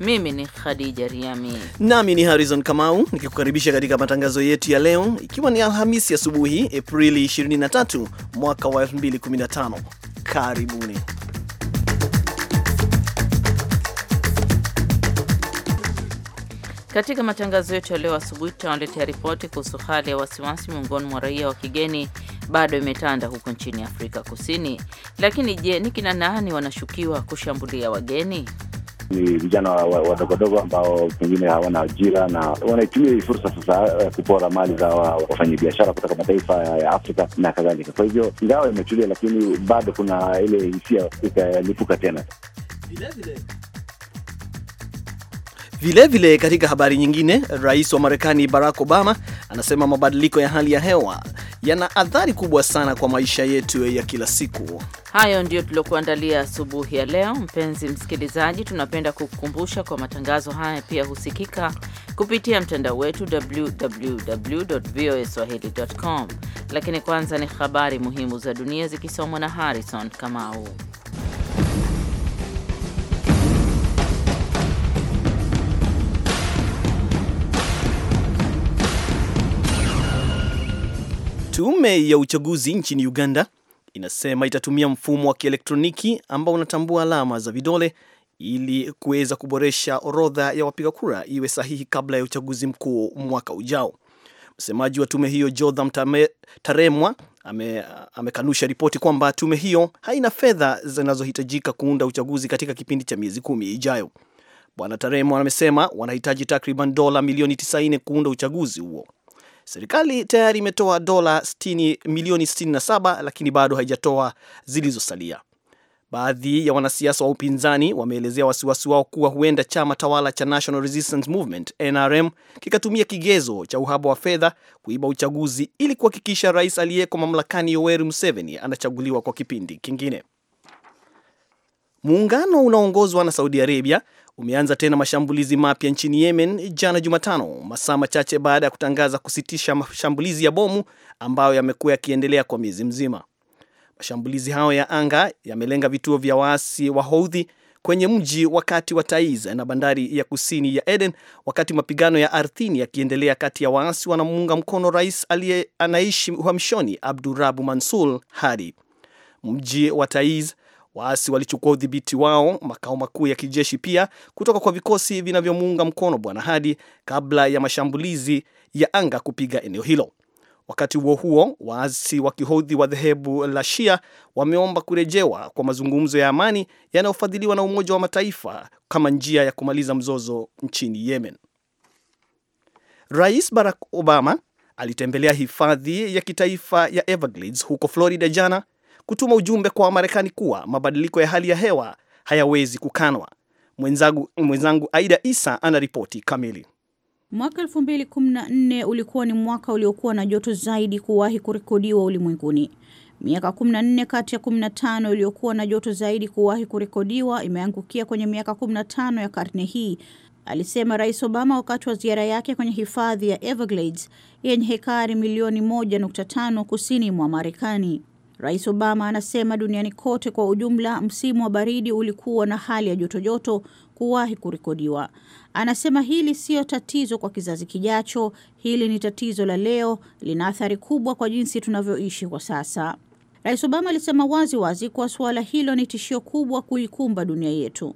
Mimi ni Khadija Riami nami ni Harrison Kamau nikikukaribisha katika matangazo yetu ya leo, ikiwa ni Alhamisi asubuhi Aprili 23 mwaka wa 2015. Karibuni. Katika matangazo yetu ya leo asubuhi tutawaletea ripoti kuhusu hali ya wasiwasi miongoni mwa raia wa kigeni bado imetanda huko nchini Afrika Kusini. Lakini je, ni kina nani wanashukiwa kushambulia wageni? ni vijana wadogodogo ambao pengine hawana ajira na wanaitumia hii fursa sasa eh, kupora mali za wafanyabiashara kutoka mataifa ya Afrika na kadhalika. Kwa hivyo ingawa imetulia, lakini bado kuna ile hisia ikalipuka tena vilevile. Vilevile, katika habari nyingine, rais wa Marekani Barack Obama anasema mabadiliko ya hali ya hewa yana athari kubwa sana kwa maisha yetu ya kila siku. Hayo ndiyo tuliokuandalia asubuhi ya leo. Mpenzi msikilizaji, tunapenda kukukumbusha kwa matangazo haya pia husikika kupitia mtandao wetu www www.voaswahili.com. Lakini kwanza ni habari muhimu za dunia zikisomwa na Harrison Kamau. Tume ya uchaguzi nchini Uganda inasema itatumia mfumo wa kielektroniki ambao unatambua alama za vidole ili kuweza kuboresha orodha ya wapiga kura iwe sahihi kabla ya uchaguzi mkuu mwaka ujao. Msemaji wa tume hiyo Jotham Taremwa amekanusha ame ripoti kwamba tume hiyo haina fedha zinazohitajika kuunda uchaguzi katika kipindi cha miezi kumi ijayo. Bwana Taremwa amesema wanahitaji takriban dola milioni 90 kuunda uchaguzi huo. Serikali tayari imetoa dola 60 milioni 67, lakini bado haijatoa zilizosalia. Baadhi ya wanasiasa wa upinzani wameelezea wasiwasi wao kuwa huenda chama tawala cha National Resistance Movement NRM kikatumia kigezo cha uhaba wa fedha kuiba uchaguzi ili kuhakikisha rais aliyeko mamlakani Yoweri Museveni anachaguliwa kwa kipindi kingine. Muungano unaoongozwa na Saudi Arabia umeanza tena mashambulizi mapya nchini Yemen jana Jumatano, masaa machache baada ya kutangaza kusitisha mashambulizi ya bomu ambayo yamekuwa yakiendelea kwa miezi mzima. Mashambulizi hayo ya anga yamelenga vituo vya waasi wa Houthi kwenye mji wa kati wa Taiz na bandari ya kusini ya Eden, wakati mapigano ya ardhini yakiendelea kati ya waasi wanamuunga mkono rais aliye anaishi uhamishoni Abdurabu Mansur Hadi. Mji wa Taiz Waasi walichukua udhibiti wao makao makuu ya kijeshi pia kutoka kwa vikosi vinavyomuunga mkono Bwana Hadi kabla ya mashambulizi ya anga kupiga eneo hilo. Wakati huo huo, waasi wa kihodhi wa dhehebu la Shia wameomba kurejewa kwa mazungumzo ya amani yanayofadhiliwa na Umoja wa Mataifa kama njia ya kumaliza mzozo nchini Yemen. Rais Barack Obama alitembelea hifadhi ya kitaifa ya Everglades huko Florida jana kutuma ujumbe kwa Wamarekani kuwa mabadiliko ya hali ya hewa hayawezi kukanwa. Mwenzangu, mwenzangu Aida Isa anaripoti kamili. Mwaka 2014 ulikuwa ni mwaka uliokuwa na joto zaidi kuwahi kurekodiwa ulimwenguni. Miaka 14 kati ya 15 iliyokuwa na joto zaidi kuwahi kurekodiwa imeangukia kwenye miaka 15 ya karne hii, alisema Rais Obama wakati wa ziara yake kwenye hifadhi ya Everglades yenye hekari milioni 1.5 kusini mwa Marekani. Rais Obama anasema duniani kote kwa ujumla msimu wa baridi ulikuwa na hali ya jotojoto kuwahi kurekodiwa. Anasema hili siyo tatizo kwa kizazi kijacho, hili ni tatizo la leo, lina athari kubwa kwa jinsi tunavyoishi kwa sasa. Rais Obama alisema wazi wazi kuwa suala hilo ni tishio kubwa kuikumba dunia yetu.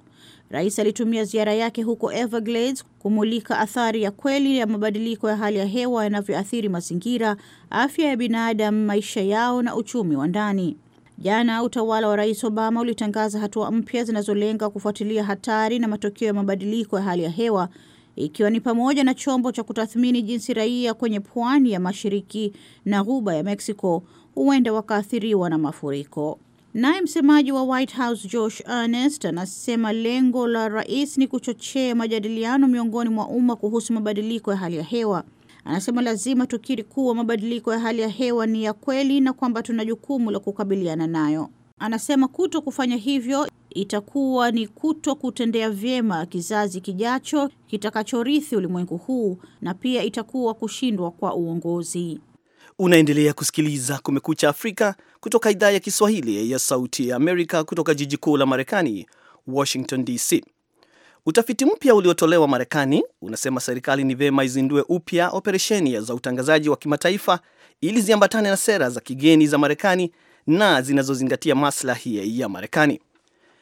Rais alitumia ziara yake huko Everglades kumulika athari ya kweli ya mabadiliko ya hali ya hewa yanavyoathiri mazingira, afya ya binadamu, maisha yao na uchumi wa ndani. Jana utawala wa Rais Obama ulitangaza hatua mpya zinazolenga kufuatilia hatari na matokeo ya mabadiliko ya hali ya hewa ikiwa ni pamoja na chombo cha kutathmini jinsi raia kwenye pwani ya mashariki na ghuba ya Mexico huenda wakaathiriwa na mafuriko. Naye msemaji wa White House Josh Earnest anasema lengo la rais ni kuchochea majadiliano miongoni mwa umma kuhusu mabadiliko ya hali ya hewa. Anasema lazima tukiri kuwa mabadiliko ya hali ya hewa ni ya kweli na kwamba tuna jukumu la kukabiliana nayo. Anasema kuto kufanya hivyo itakuwa ni kuto kutendea vyema kizazi kijacho kitakachorithi ulimwengu huu na pia itakuwa kushindwa kwa uongozi. Unaendelea kusikiliza Kumekucha Afrika kutoka idhaa ya Kiswahili ya Sauti ya Amerika kutoka jiji kuu la Marekani, Washington DC. Utafiti mpya uliotolewa Marekani unasema serikali ni vema izindue upya operesheni za utangazaji wa kimataifa ili ziambatane na sera za kigeni za Marekani na zinazozingatia maslahi ya Marekani.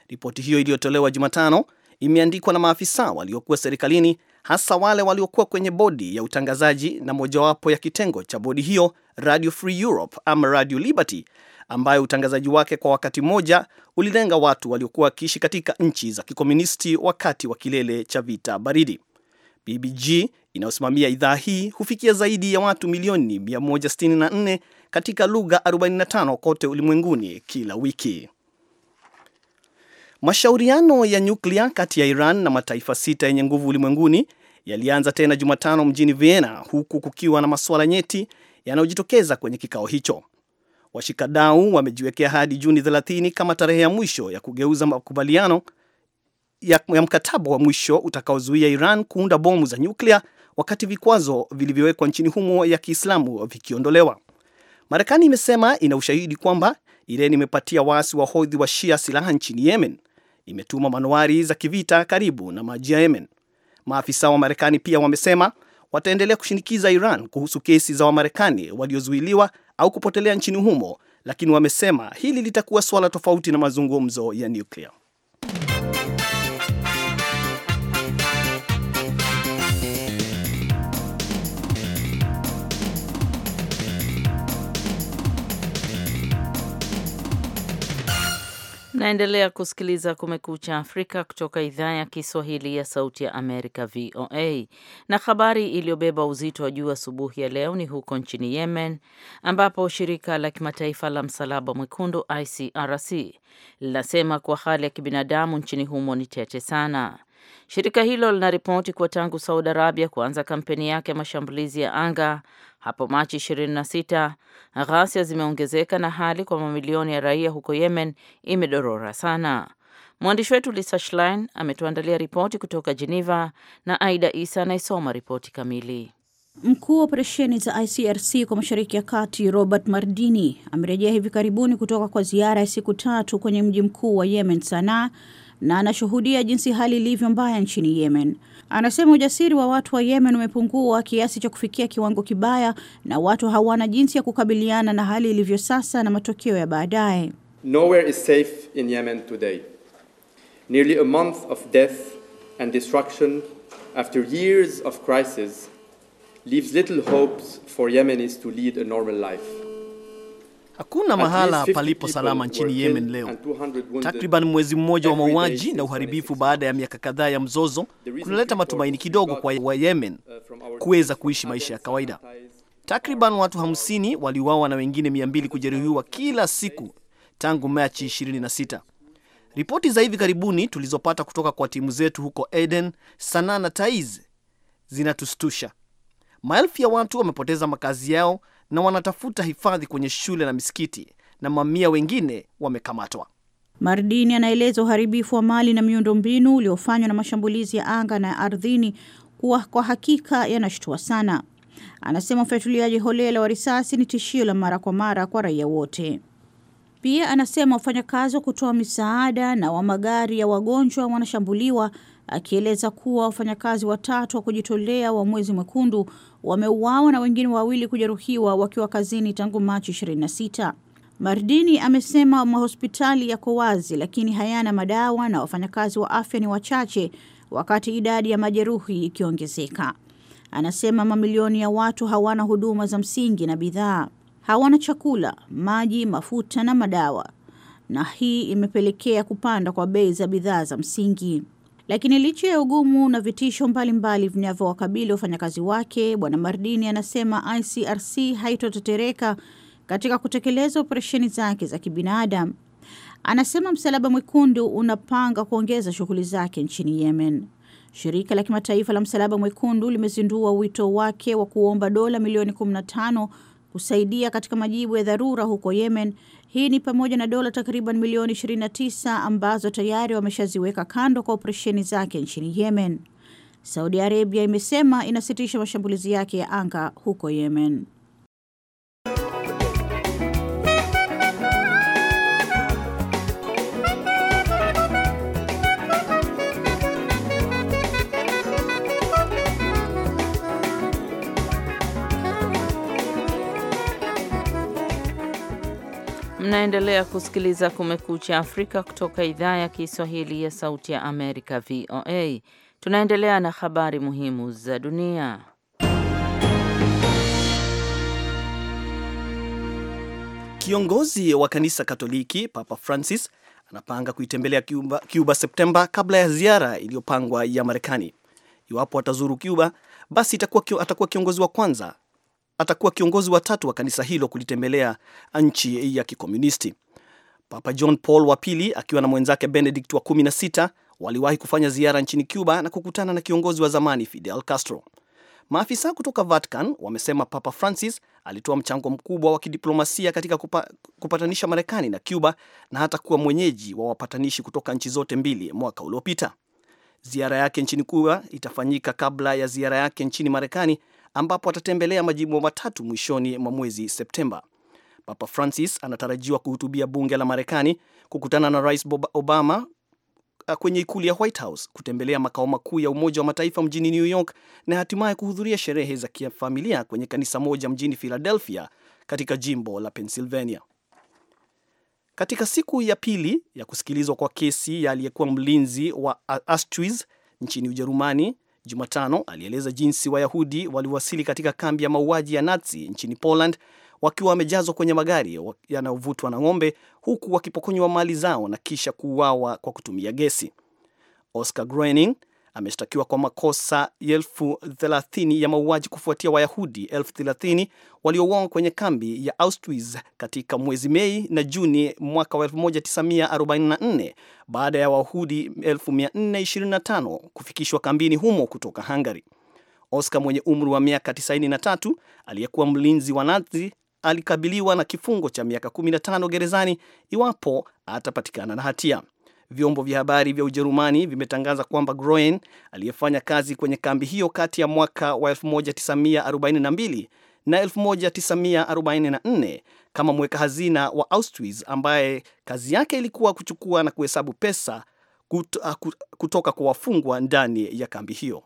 Ripoti hiyo iliyotolewa Jumatano imeandikwa na maafisa waliokuwa serikalini hasa wale waliokuwa kwenye bodi ya utangazaji na mojawapo ya kitengo cha bodi hiyo Radio Free Europe ama Radio Liberty ambayo utangazaji wake kwa wakati mmoja ulilenga watu waliokuwa wakiishi katika nchi za kikomunisti wakati wa kilele cha vita baridi. BBG inayosimamia idhaa hii hufikia zaidi ya watu milioni 164 katika lugha 45 kote ulimwenguni kila wiki. Mashauriano ya nyuklia kati ya Iran na mataifa sita yenye nguvu ulimwenguni yalianza tena Jumatano mjini Vienna, huku kukiwa na masuala nyeti yanayojitokeza kwenye kikao hicho. Washikadau wamejiwekea hadi Juni 30 kama tarehe ya mwisho ya kugeuza makubaliano ya, ya mkataba wa mwisho utakaozuia Iran kuunda bomu za nyuklia wakati vikwazo vilivyowekwa nchini humo ya Kiislamu vikiondolewa. Marekani imesema ina ushahidi kwamba Iran imepatia waasi wa hodhi wa Shia silaha nchini Yemen imetuma manuari za kivita karibu na maji ya Yemen. Maafisa wa Marekani pia wamesema wataendelea kushinikiza Iran kuhusu kesi za Wamarekani waliozuiliwa au kupotelea nchini humo, lakini wamesema hili litakuwa suala tofauti na mazungumzo ya nyuklia. Mnaendelea kusikiliza Kumekucha Afrika kutoka idhaa ya Kiswahili ya Sauti ya Amerika, VOA. Na habari iliyobeba uzito wa juu asubuhi ya leo ni huko nchini Yemen, ambapo shirika la kimataifa la Msalaba Mwekundu, ICRC, linasema kuwa hali ya kibinadamu nchini humo ni tete sana. Shirika hilo linaripoti kuwa tangu Saudi Arabia kuanza kampeni yake ya mashambulizi ya anga hapo Machi 26, ghasia zimeongezeka na hali kwa mamilioni ya raia huko Yemen imedorora sana. Mwandishi wetu Lisa Schlein ametuandalia ripoti kutoka Geneva na Aida Isa anayesoma ripoti kamili. Mkuu wa operesheni za ICRC kwa Mashariki ya Kati Robert Mardini amerejea hivi karibuni kutoka kwa ziara ya siku tatu kwenye mji mkuu wa Yemen, Sanaa, na anashuhudia jinsi hali ilivyo mbaya nchini Yemen. Anasema ujasiri wa watu wa Yemen umepungua kiasi cha kufikia kiwango kibaya na watu hawana jinsi ya kukabiliana na hali ilivyo sasa na matokeo ya baadaye. Nowhere is safe in Yemen today. Nearly a month of death and destruction after years of crisis leaves little hopes for Yemenis to lead a normal life. Hakuna mahala palipo salama nchini Yemen leo. Takriban mwezi mmoja wa mauaji na uharibifu baada ya miaka kadhaa ya mzozo kunaleta matumaini kidogo kwa wa Yemen uh, kuweza kuishi maisha ya kawaida. Takriban watu 50 waliuawa na wengine 200 kujeruhiwa kila siku tangu Machi 26. Ripoti za hivi karibuni tulizopata kutoka kwa timu zetu huko Aden, Sanaa na Taiz zinatustusha. Maelfu ya watu wamepoteza makazi yao na wanatafuta hifadhi kwenye shule na misikiti, na mamia wengine wamekamatwa. Mardini anaeleza uharibifu wa mali na miundombinu uliofanywa na mashambulizi ya anga na ardhini kuwa kwa hakika yanashtua sana. Anasema ufyatuliaji holela wa risasi ni tishio la mara kwa mara kwa raia wote. Pia anasema wafanyakazi wa kutoa misaada na wa magari ya wagonjwa wanashambuliwa akieleza kuwa wafanyakazi watatu wa kujitolea wa Mwezi Mwekundu wameuawa na wengine wawili kujeruhiwa wakiwa kazini tangu Machi 26. Mardini amesema mahospitali yako wazi lakini hayana madawa na wafanyakazi wa afya ni wachache, wakati idadi ya majeruhi ikiongezeka. Anasema mamilioni ya watu hawana huduma za msingi na bidhaa, hawana chakula, maji, mafuta na madawa, na hii imepelekea kupanda kwa bei za bidhaa za msingi. Lakini licha ya ugumu na vitisho mbalimbali vinavyowakabili wafanyakazi wake, Bwana Mardini anasema ICRC haitotetereka katika kutekeleza operesheni zake za kibinadamu. Anasema Msalaba Mwekundu unapanga kuongeza shughuli zake nchini Yemen. Shirika la kimataifa la Msalaba Mwekundu limezindua wito wake wa kuomba dola milioni 15 kusaidia katika majibu ya dharura huko Yemen hii ni pamoja na dola takriban milioni 29 ambazo tayari wameshaziweka kando kwa operesheni zake nchini Yemen. Saudi Arabia imesema inasitisha mashambulizi yake ya anga huko Yemen. Mnaendelea kusikiliza Kumekucha Afrika kutoka idhaa ya Kiswahili ya Sauti ya Amerika, VOA. Tunaendelea na habari muhimu za dunia. Kiongozi wa kanisa Katoliki Papa Francis anapanga kuitembelea Cuba, Cuba Septemba kabla ya ziara iliyopangwa ya Marekani. Iwapo atazuru Cuba, basi atakuwa kiongozi wa kwanza atakuwa kiongozi wa tatu wa kanisa hilo kulitembelea nchi ya kikomunisti. Papa John Paul wa pili akiwa na mwenzake Benedict wa 16 waliwahi kufanya ziara nchini Cuba na kukutana na kiongozi wa zamani Fidel Castro. Maafisa kutoka Vatican wamesema Papa Francis alitoa mchango mkubwa wa kidiplomasia katika kupa, kupatanisha Marekani na Cuba na hata kuwa mwenyeji wa wapatanishi kutoka nchi zote mbili mwaka uliopita. Ziara yake nchini Cuba itafanyika kabla ya ziara yake nchini Marekani ambapo atatembelea majimbo matatu mwishoni mwa mwezi Septemba. Papa Francis anatarajiwa kuhutubia bunge la Marekani, kukutana na Rais Obama kwenye ikulu ya White House, kutembelea makao makuu ya Umoja wa Mataifa mjini New York na hatimaye kuhudhuria sherehe za kifamilia kwenye kanisa moja mjini Philadelphia katika jimbo la Pennsylvania. Katika siku ya pili ya kusikilizwa kwa kesi ya aliyekuwa mlinzi wa Astris nchini Ujerumani Jumatano alieleza jinsi Wayahudi waliwasili katika kambi ya mauaji ya Nazi nchini Poland wakiwa wamejazwa kwenye magari yanayovutwa na ng'ombe huku wakipokonywa mali zao na kisha kuuawa kwa kutumia gesi. Oscar Groening ameshtakiwa kwa makosa elfu thelathini ya mauaji kufuatia Wayahudi elfu thelathini waliouawa kwenye kambi ya Auschwitz katika mwezi Mei na Juni mwaka wa 1944 baada ya Wayahudi 425 kufikishwa kambini humo kutoka Hungary. Oscar mwenye umri wa miaka 93 aliyekuwa mlinzi wa Nazi alikabiliwa na kifungo cha miaka 15 gerezani iwapo atapatikana na hatia. Vyombo vya habari vya Ujerumani vimetangaza kwamba Groen aliyefanya kazi kwenye kambi hiyo kati ya mwaka wa 1942 na 1944 kama mweka hazina wa Auschwitz ambaye kazi yake ilikuwa kuchukua na kuhesabu pesa kut, ah, kutoka kwa wafungwa ndani ya kambi hiyo.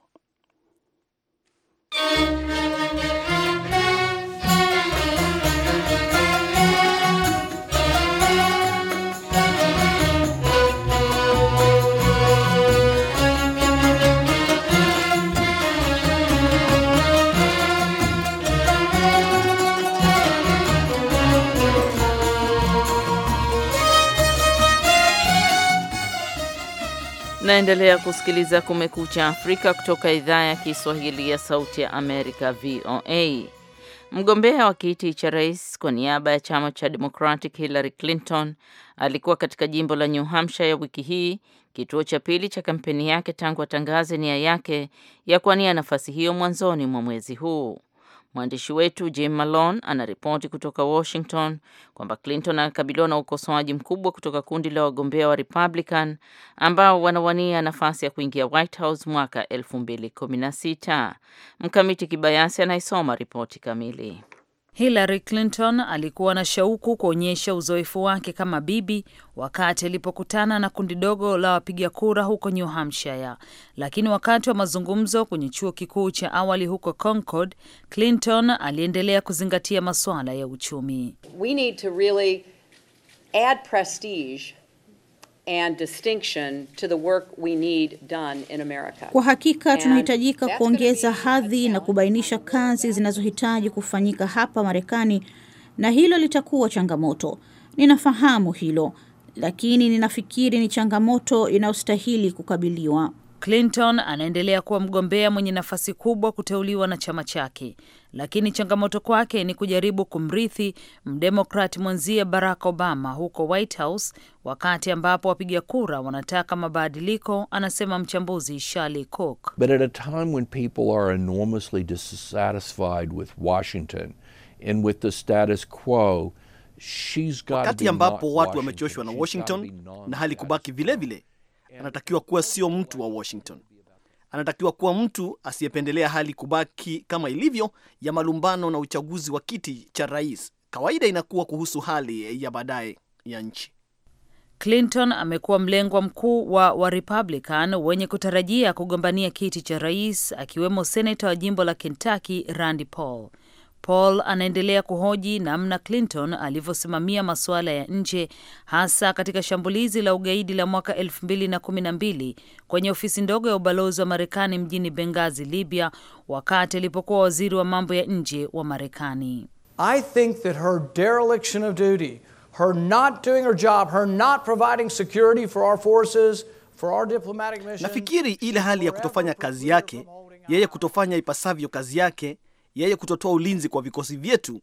naendelea kusikiliza Kumekucha Afrika kutoka idhaa ya Kiswahili ya Sauti ya Amerika, VOA. Mgombea wa kiti cha rais kwa niaba ya chama cha Democratic Hillary Clinton alikuwa katika jimbo la New Hampshire ya wiki hii, kituo cha pili cha kampeni yake tangu atangaze nia yake ya kuwania nafasi hiyo mwanzoni mwa mwezi huu. Mwandishi wetu Jim Malone anaripoti kutoka Washington kwamba Clinton anakabiliwa na ukosoaji mkubwa kutoka kundi la wagombea wa Republican ambao wanawania nafasi ya kuingia White House mwaka 2016. Mkamiti Kibayasi anaisoma ripoti kamili. Hillary Clinton alikuwa na shauku kuonyesha uzoefu wake kama bibi wakati alipokutana na kundi dogo la wapiga kura huko New Hampshire, lakini wakati wa mazungumzo kwenye chuo kikuu cha awali huko Concord, Clinton aliendelea kuzingatia masuala ya uchumi. We need to really add prestige and distinction to the work we need done in America. Kwa hakika tunahitajika kuongeza hadhi na kubainisha kazi zinazohitaji kufanyika hapa Marekani na hilo litakuwa changamoto. Ninafahamu hilo, lakini ninafikiri ni changamoto inayostahili kukabiliwa. Clinton anaendelea kuwa mgombea mwenye nafasi kubwa kuteuliwa na chama chake, lakini changamoto kwake ni kujaribu kumrithi mdemokrat mwenzie Barack Obama huko White House, wakati ambapo wapiga kura wanataka mabadiliko, anasema mchambuzi Shirley Cook. But at a time when people are enormously dissatisfied with Washington and with the status quo, she's got, wakati ambapo watu wamechoshwa na Washington na hali kubaki vilevile anatakiwa kuwa sio mtu wa Washington. Anatakiwa kuwa mtu asiyependelea hali kubaki kama ilivyo ya malumbano na uchaguzi wa kiti cha rais. Kawaida inakuwa kuhusu hali ya baadaye ya nchi. Clinton amekuwa mlengwa mkuu wa Warepublican wenye kutarajia kugombania kiti cha rais, akiwemo seneta wa jimbo la Kentucky Randy Paul. Paul anaendelea kuhoji namna Clinton alivyosimamia masuala ya nje hasa katika shambulizi la ugaidi la mwaka 2012 kwenye ofisi ndogo ya ubalozi wa Marekani mjini Benghazi, Libya, wakati alipokuwa waziri wa mambo ya nje wa Marekani. I think that her dereliction of duty, her not doing her job, her not providing security for our forces, for our diplomatic mission. Nafikiri ile hali ya kutofanya kazi yake, yeye kutofanya ipasavyo kazi yake yeye kutotoa ulinzi kwa vikosi vyetu,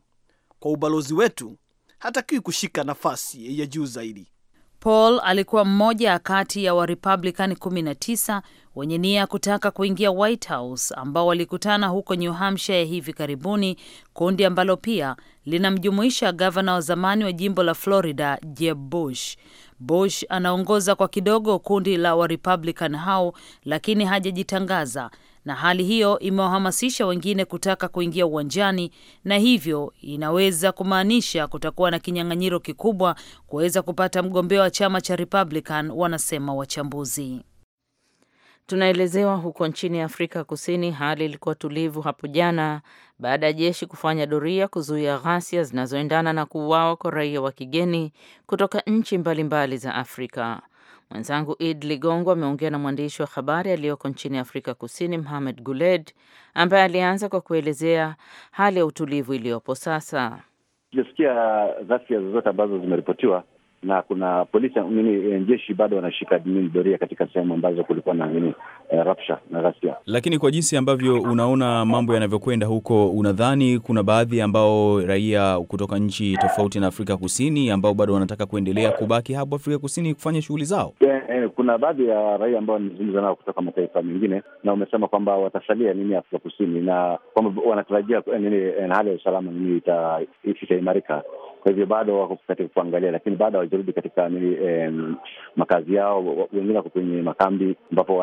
kwa ubalozi wetu, hatakiwi kushika nafasi ya juu zaidi. Paul alikuwa mmoja kati ya Warepublican 19 wenye nia ya kutaka kuingia White House ambao walikutana huko New Hampshire hivi karibuni, kundi ambalo pia linamjumuisha gavana wa zamani wa jimbo la Florida Jeb Bush. Bush anaongoza kwa kidogo kundi la Warepublican hao, lakini hajajitangaza na hali hiyo imewahamasisha wengine kutaka kuingia uwanjani, na hivyo inaweza kumaanisha kutakuwa na kinyang'anyiro kikubwa kuweza kupata mgombea wa chama cha Republican, wanasema wachambuzi. Tunaelezewa huko nchini Afrika Kusini hali ilikuwa tulivu hapo jana baada ya jeshi kufanya doria kuzuia ghasia zinazoendana na kuuawa kwa raia wa kigeni kutoka nchi mbalimbali za Afrika. Mwenzangu Id Ligongo ameongea na mwandishi wa habari aliyoko nchini Afrika Kusini, Mohamed Guled, ambaye alianza kwa kuelezea hali ya utulivu iliyopo sasa. Sijasikia ghasia zozote ambazo zimeripotiwa na kuna polisi nini, eh, jeshi bado wanashika nini doria katika sehemu ambazo kulikuwa na nini, e, rapsha na ghasia. Lakini kwa jinsi ambavyo unaona mambo yanavyokwenda huko, unadhani kuna baadhi ambao raia kutoka nchi tofauti na Afrika Kusini ambao bado wanataka kuendelea kubaki hapo Afrika Kusini kufanya shughuli zao? E, e, kuna baadhi ya raia ambao nimezungumza nao kutoka mataifa mengine, na wamesema kwamba watasalia nini Afrika Kusini na kwamba wanatarajia nini hali ya usalama nini itaimarika ita kwa hivyo bado wako katika kuangalia, lakini bado hawajarudi katika eh, makazi yao. Wengine wako kwenye makambi ambapo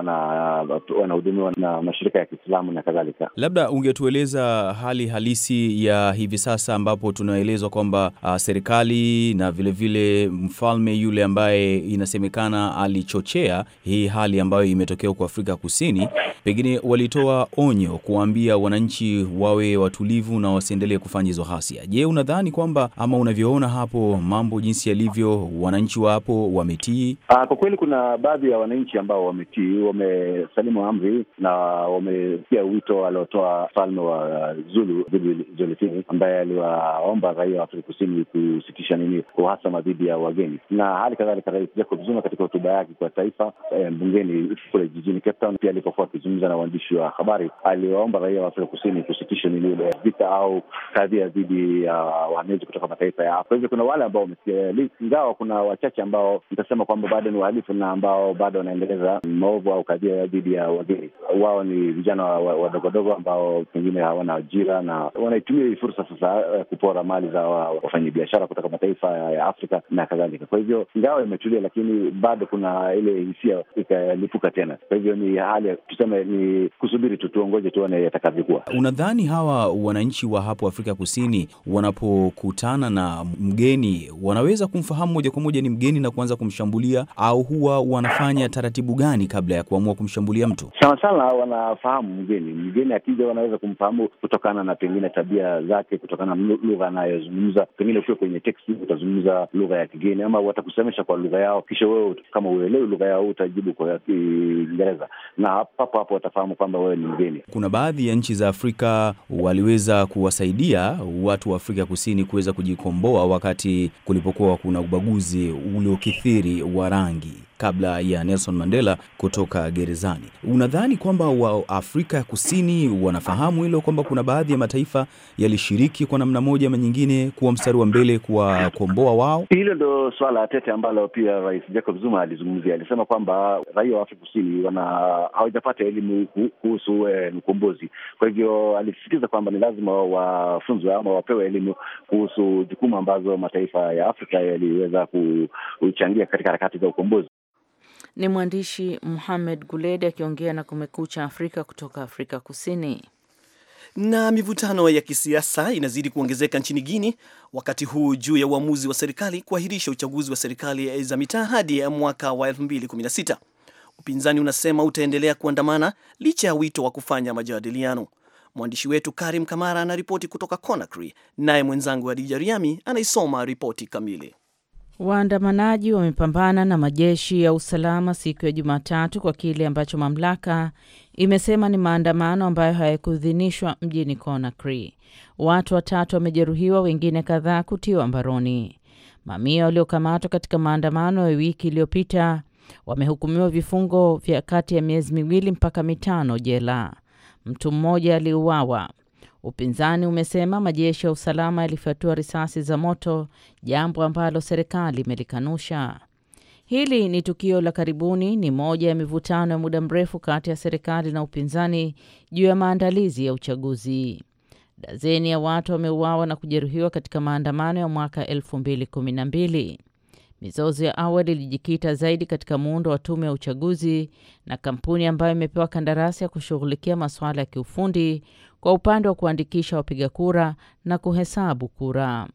wanahudumiwa wana na mashirika ya Kiislamu na kadhalika. Labda ungetueleza hali halisi ya hivi sasa ambapo tunaelezwa kwamba uh, serikali na vilevile vile mfalme yule ambaye inasemekana alichochea hii hali ambayo imetokea huko Afrika Kusini, pengine walitoa onyo kuwaambia wananchi wawe watulivu na wasiendelee kufanya hizo hasia Je, unadhani kwamba ama una unavyoona hapo mambo jinsi yalivyo, wananchi wapo wametii? Ah, kwa kweli kuna baadhi ya wananchi ambao wametii, wamesalimu amri na wamesikia wito aliotoa mfalme wa Zulu Zulkifli, ambaye aliwaomba raia wa Afrika Kusini kusitisha nini uhasama dhidi ya wageni, na hali kadhalika Rais Jacob Zuma katika hotuba yake kwa taifa e, eh, bungeni kule jijini Cape Town, pia alipokuwa akizungumza na waandishi wa habari, aliwaomba raia wa Afrika Kusini kusitisha nini vita au kadhia dhidi ya uh, wahamiaji kutoka mataifa makosa yao. Kwa hivyo kuna wale ambao wamesikia, ingawa kuna wachache ambao nitasema kwamba bado ni wahalifu na ambao bado wanaendeleza maovu au kadhia dhidi ya wageni. Wao ni vijana wadogodogo wa, wa ambao pengine hawana ajira na wanaitumia hii fursa sasa eh, kupora mali za wafanyabiashara kutoka mataifa ya Afrika na kadhalika. Kwa hivyo ingawa imetulia, lakini bado kuna ile hisia ikalipuka tena. Kwa hivyo ni hali tuseme, ni kusubiri tu, tuongoje tuone yatakavyokuwa. Unadhani hawa wananchi wa hapo Afrika Kusini wanapokutana na mgeni wanaweza kumfahamu moja kwa moja ni mgeni na kuanza kumshambulia, au huwa wanafanya taratibu gani kabla ya kuamua kumshambulia mtu? Sana sana wanafahamu mgeni. Mgeni akija, wanaweza kumfahamu kutokana na pengine tabia zake, kutokana na lugha anayozungumza. Pengine ukiwa kwenye teksi utazungumza lugha ya kigeni, ama watakusemesha kwa lugha yao, kisha wewe kama uelewi lugha yao utajibu kwa Kiingereza, na papo hapo watafahamu kwamba wewe ni mgeni. Kuna baadhi ya nchi za Afrika waliweza kuwasaidia watu wa Afrika Kusini kuweza kujikom kuwakomboa wakati kulipokuwa kuna ubaguzi uliokithiri wa rangi kabla ya Nelson Mandela kutoka gerezani. Unadhani kwamba wa Afrika ya Kusini wanafahamu hilo, kwamba kuna baadhi ya mataifa yalishiriki kwa namna moja ama nyingine kuwa mstari wa mbele kuwakomboa wao? Hilo ndo swala tete ambalo pia Rais Jacob Zuma alizungumzia. Alisema kwamba raia wa Afrika Kusini wana hawajapata elimu kuhusu eh, mkombozi. Kwa hivyo alisisitiza kwamba ni lazima wafunzwe ama wapewe elimu kuhusu jukumu ambazo mataifa ya Afrika yaliweza kuchangia katika harakati za ukombozi ni mwandishi muhamed guledi akiongea na Kumekucha Afrika kutoka Afrika Kusini. Na mivutano ya kisiasa inazidi kuongezeka nchini Guini wakati huu juu ya uamuzi wa serikali kuahirisha uchaguzi wa serikali za mitaa hadi ya mwaka wa 2016. Upinzani unasema utaendelea kuandamana licha ya wito wa kufanya majadiliano. Mwandishi wetu Karim Kamara anaripoti kutoka Conakry, naye mwenzangu Hadija Riami anaisoma ripoti kamili. Waandamanaji wamepambana na majeshi ya usalama siku ya Jumatatu kwa kile ambacho mamlaka imesema ni maandamano ambayo hayakuidhinishwa mjini Conakry. Watu watatu wamejeruhiwa, wengine kadhaa kutiwa mbaroni. Mamia waliokamatwa katika maandamano ya wiki iliyopita wamehukumiwa vifungo vya kati ya miezi miwili mpaka mitano jela. Mtu mmoja aliuawa. Upinzani umesema majeshi ya usalama yalifyatua risasi za moto, jambo ambalo serikali imelikanusha. Hili ni tukio la karibuni, ni moja ya mivutano ya muda mrefu kati ya serikali na upinzani juu ya maandalizi ya uchaguzi. Dazeni ya watu wameuawa na kujeruhiwa katika maandamano ya mwaka 2012. Mizozo ya awali ilijikita zaidi katika muundo wa tume ya uchaguzi na kampuni ambayo imepewa kandarasi ya kushughulikia masuala ya kiufundi kwa upande wa kuandikisha wapiga kura na kuhesabu kura.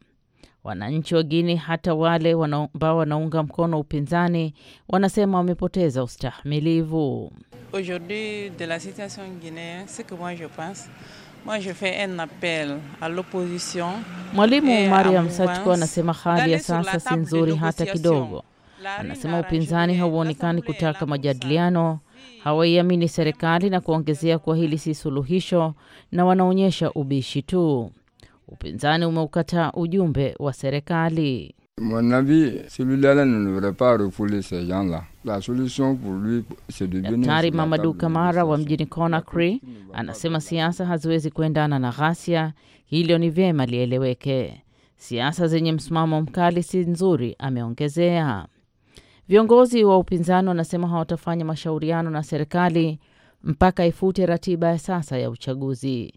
Wananchi wa Guinea, hata wale ambao wanaunga mkono upinzani, wanasema wamepoteza ustahimilivu. Aujourd'hui de la situation ce que moi je pense Moi je fais un appel l'opposition. Mwalimu Mariam Sachko anasema hali ya sasa si nzuri hata kidogo. Anasema upinzani hauonekani kutaka majadiliano hawaiamini serikali na kuongezea kuwa hili si suluhisho na wanaonyesha ubishi tu. Upinzani umeukataa ujumbe wa serikali. Daktari Mamadu Kamara wa mjini Conakry anasema siasa haziwezi kuendana na ghasia. Hilo ni vyema lieleweke. Siasa zenye msimamo mkali si nzuri, ameongezea. Viongozi wa upinzani wanasema hawatafanya mashauriano na serikali mpaka ifute ratiba ya sasa ya uchaguzi.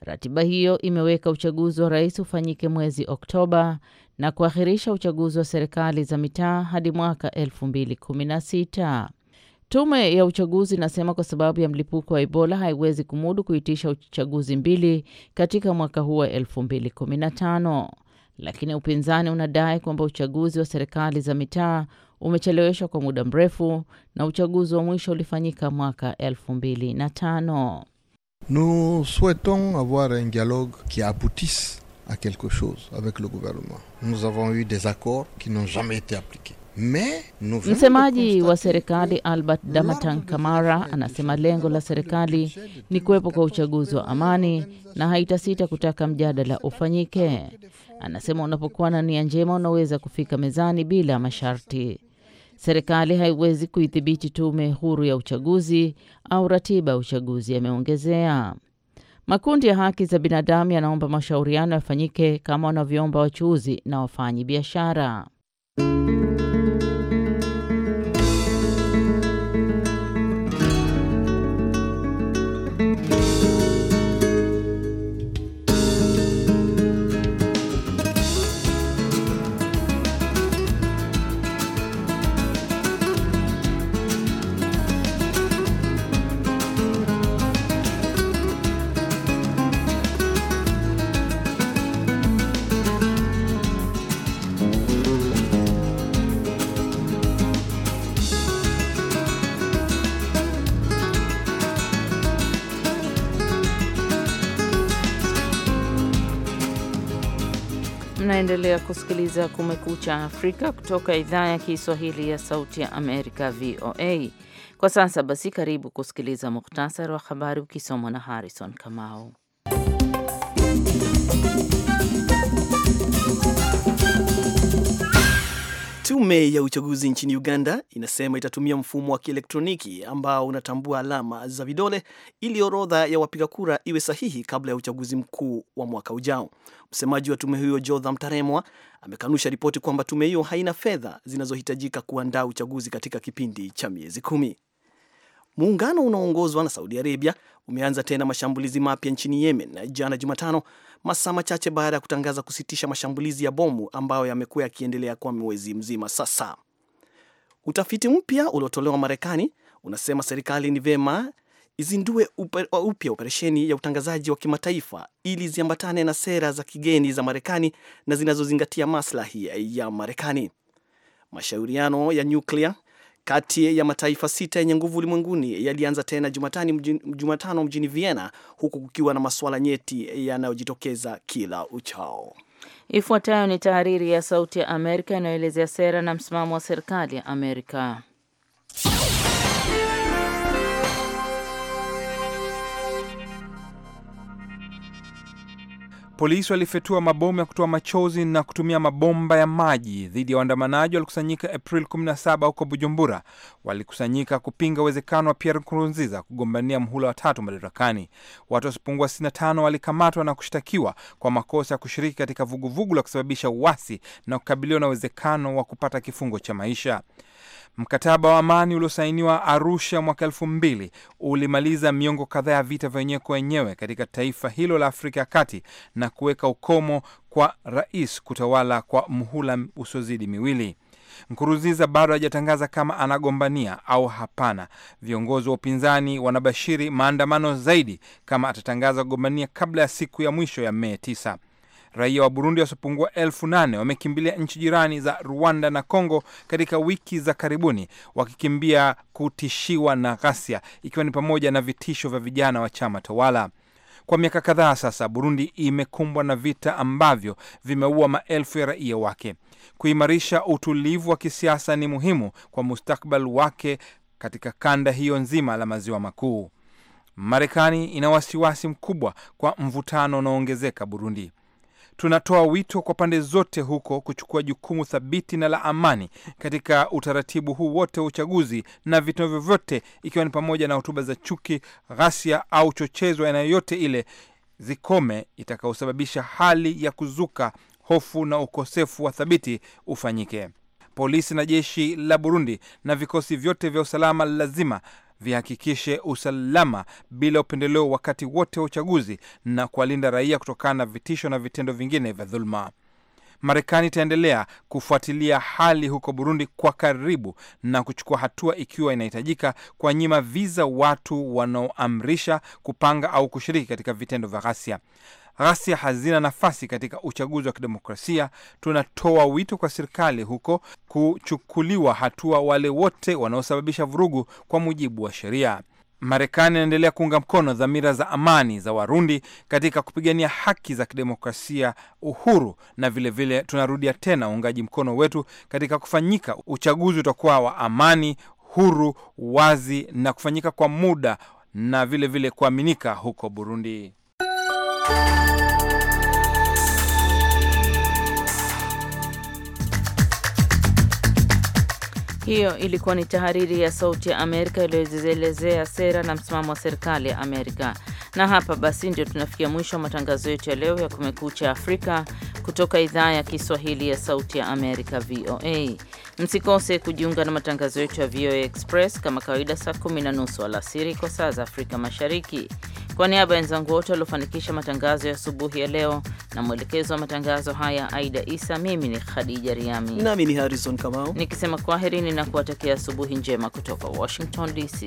Ratiba hiyo imeweka uchaguzi wa rais ufanyike mwezi Oktoba na kuahirisha uchaguzi wa serikali za mitaa hadi mwaka 2016. Tume ya uchaguzi inasema kwa sababu ya mlipuko wa Ebola haiwezi kumudu kuitisha uchaguzi mbili katika mwaka huu wa 2015, lakini upinzani unadai kwamba uchaguzi wa serikali za mitaa umecheleweshwa kwa muda mrefu na uchaguzi wa mwisho ulifanyika mwaka 2005. Nous souhaitons avoir un dialogue qui aboutisse à quelque chose avec le gouvernement. Nous avons eu des accords qui n'ont jamais été appliqués. Msemaji wa serikali Albert damatan Kamara anasema lengo la serikali ni kuwepo kwa uchaguzi wa amani na haitasita kutaka mjadala ufanyike. Anasema unapokuwa na nia njema unaweza kufika mezani bila masharti. Serikali haiwezi kuidhibiti tume huru ya uchaguzi au ratiba ya uchaguzi, yameongezea. Makundi ya haki za binadamu yanaomba mashauriano yafanyike kama wanavyoomba wachuuzi na wafanyi biashara. Unaendelea kusikiliza Kumekucha Afrika kutoka idhaa ya Kiswahili ya Sauti ya Amerika, VOA. Kwa sasa basi, karibu kusikiliza muhtasari wa habari ukisomwa na Harrison Kamau. Tume ya uchaguzi nchini Uganda inasema itatumia mfumo wa kielektroniki ambao unatambua alama za vidole ili orodha ya wapiga kura iwe sahihi kabla ya uchaguzi mkuu wa mwaka ujao. Msemaji wa tume hiyo Jotham Taremwa amekanusha ripoti kwamba tume hiyo haina fedha zinazohitajika kuandaa uchaguzi katika kipindi cha miezi kumi. Muungano unaoongozwa na Saudi Arabia umeanza tena mashambulizi mapya nchini Yemen na jana Jumatano masaa machache baada ya kutangaza kusitisha mashambulizi ya bomu ambayo yamekuwa yakiendelea kwa mwezi mzima sasa. Utafiti mpya uliotolewa Marekani unasema serikali ni vema izindue uh, upya operesheni ya utangazaji wa kimataifa ili ziambatane na sera za kigeni za Marekani na zinazozingatia maslahi ya Marekani. Mashauriano ya nyuklia kati ya mataifa sita yenye nguvu ulimwenguni yalianza tena Jumatano mjini Vienna, huku kukiwa na masuala nyeti yanayojitokeza kila uchao. Ifuatayo ni tahariri ya Sauti ya Amerika inayoelezea sera na msimamo wa serikali ya Amerika. Polisi walifyatua mabomu ya kutoa machozi na kutumia mabomba ya maji dhidi ya waandamanaji walikusanyika April 17 huko Bujumbura. Walikusanyika kupinga uwezekano wa Pierre Nkurunziza kugombania mhula watatu madarakani. Watu wasiopungua 65 walikamatwa na kushtakiwa kwa makosa ya kushiriki katika vuguvugu la kusababisha uasi na kukabiliwa na uwezekano wa kupata kifungo cha maisha. Mkataba wa amani uliosainiwa Arusha mwaka elfu mbili ulimaliza miongo kadhaa ya vita vya wenyewe kwa wenyewe katika taifa hilo la Afrika ya Kati na kuweka ukomo kwa rais kutawala kwa mhula usiozidi miwili. Nkurunziza bado hajatangaza kama anagombania au hapana. Viongozi wa upinzani wanabashiri maandamano zaidi kama atatangaza kugombania kabla ya siku ya mwisho ya Mei tisa. Raia wa Burundi wasiopungua elfu nane wamekimbilia nchi jirani za Rwanda na congo katika wiki za karibuni, wakikimbia kutishiwa na ghasia, ikiwa ni pamoja na vitisho vya vijana wa chama tawala. Kwa miaka kadhaa sasa, Burundi imekumbwa na vita ambavyo vimeua maelfu ya raia wake. Kuimarisha utulivu wa kisiasa ni muhimu kwa mustakbal wake katika kanda hiyo nzima la maziwa makuu. Marekani ina wasiwasi mkubwa kwa mvutano unaoongezeka Burundi. Tunatoa wito kwa pande zote huko kuchukua jukumu thabiti na la amani katika utaratibu huu wote wa uchaguzi na vitendo vyovyote, ikiwa ni pamoja na hotuba za chuki, ghasia au chochezo aina yoyote ile zikome, itakayosababisha hali ya kuzuka hofu na ukosefu wa thabiti ufanyike. Polisi na jeshi la Burundi na vikosi vyote vya usalama lazima vihakikishe usalama bila upendeleo wakati wote wa uchaguzi na kuwalinda raia kutokana na vitisho na vitendo vingine vya dhuluma. Marekani itaendelea kufuatilia hali huko Burundi kwa karibu na kuchukua hatua ikiwa inahitajika kwa viza watu wanaoamrisha, kupanga au kushiriki katika vitendo vya ghasia ghasia hazina nafasi katika uchaguzi wa kidemokrasia. Tunatoa wito kwa serikali huko kuchukuliwa hatua wale wote wanaosababisha vurugu kwa mujibu wa sheria. Marekani inaendelea kuunga mkono dhamira za amani za Warundi katika kupigania haki za kidemokrasia, uhuru na vilevile vile, tunarudia tena uungaji mkono wetu katika kufanyika uchaguzi utakuwa wa amani, huru, wazi na kufanyika kwa muda na vilevile kuaminika huko Burundi. Hiyo ilikuwa ni tahariri ya Sauti ya Amerika iliyoelezea sera na msimamo wa serikali ya Amerika. Na hapa basi ndio tunafikia mwisho wa matangazo yetu ya leo ya Kumekucha Afrika kutoka idhaa ya Kiswahili ya Sauti ya Amerika, VOA. Msikose kujiunga na matangazo yetu ya VOA Express kama kawaida, saa kumi na nusu alasiri kwa saa za Afrika Mashariki. Kwa niaba ya wenzangu wote waliofanikisha matangazo ya asubuhi ya leo na mwelekezo wa matangazo haya Aida Isa, mimi ni Khadija Riami nami ni Harrison Kamau nikisema kwaherini na kuwatakia asubuhi njema kutoka Washington DC.